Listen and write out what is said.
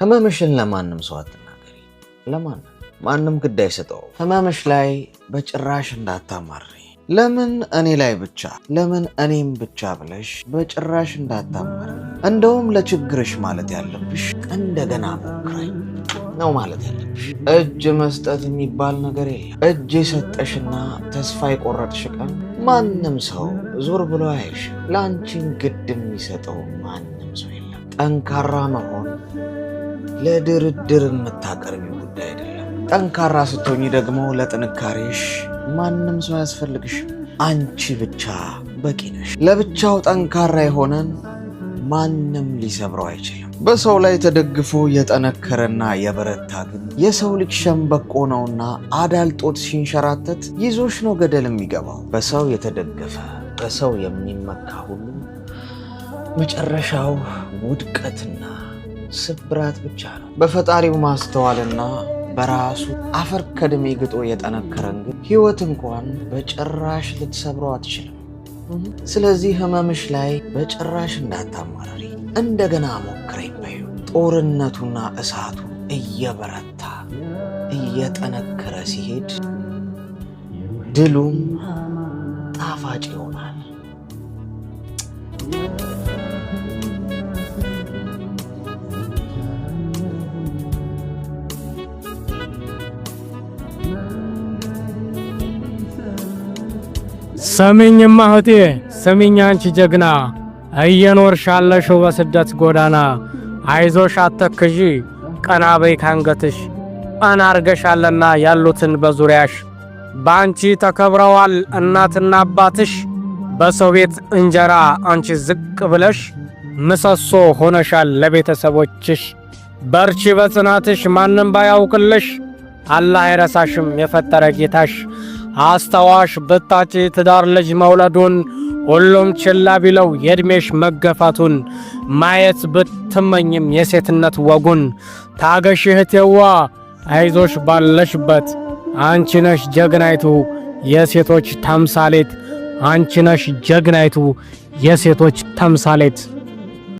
ህመምሽን ለማንም ሰው አትናገሪ። ለማንም ማንም ግድ አይሰጠው። ህመምሽ ላይ በጭራሽ እንዳታማሪ። ለምን እኔ ላይ ብቻ ለምን እኔም ብቻ ብለሽ በጭራሽ እንዳታማሪ። እንደውም ለችግርሽ ማለት ያለብሽ እንደገና ሞክራኝ ነው ማለት ያለብሽ። እጅ መስጠት የሚባል ነገር የለም። እጅ የሰጠሽና ተስፋ የቆረጥሽ ቀን ማንም ሰው ዞር ብሎ አይሽ። ለአንቺን ግድ የሚሰጠው ማንም ሰው የለም። ጠንካራ መሆን ለድርድር የምታቀርቢው ጉዳይ አይደለም። ጠንካራ ስትሆኚ ደግሞ ለጥንካሬሽ ማንም ሰው ያስፈልግሽ አንቺ ብቻ በቂ ነሽ። ለብቻው ጠንካራ የሆነን ማንም ሊሰብረው አይችልም። በሰው ላይ ተደግፎ የጠነከረና የበረታ ግን የሰው ልጅ ሸምበቆ ነውና አዳልጦት ሲንሸራተት ይዞሽ ነው ገደል የሚገባው። በሰው የተደገፈ በሰው የሚመካ ሁሉ መጨረሻው ውድቀትና ስብራት ብቻ ነው። በፈጣሪው ማስተዋልና በራሱ አፈር ከድሜ ግጦ የጠነከረን ግን ህይወት እንኳን በጭራሽ ልትሰብረው አትችልም። ስለዚህ ህመምሽ ላይ በጭራሽ እንዳታማረሪ፣ እንደገና ሞክረኝ በዩ። ጦርነቱና እሳቱ እየበረታ እየጠነከረ ሲሄድ ድሉም ጣፋጭ ይሆናል። ሰሚኝ ማህቴ ስሚኝ አንቺ ጀግና እየኖርሽ ያለሽው በስደት ጎዳና አይዞሽ አተክዢ ቀና በይ ካንገትሽ ቀና አርገሻለና ያሉትን በዙሪያሽ በአንቺ ተከብረዋል እናትና አባትሽ በሰው ቤት እንጀራ አንቺ ዝቅ ብለሽ ምሰሶ ሆነሻል ለቤተሰቦችሽ በርቺ በጽናትሽ ማንም ባያውቅልሽ አላህ አይረሳሽም የፈጠረ ጌታሽ አስታዋሽ በታች ትዳር ልጅ መውለዱን ሁሉም ችላ ቢለው የእድሜሽ መገፋቱን ማየት ብትመኝም የሴትነት ወጉን ታገሽ እህቴዋ አይዞሽ ባለሽበት አንቺ ነሽ ጀግናይቱ የሴቶች ተምሳሌት አንቺ ነሽ ጀግናይቱ የሴቶች ተምሳሌት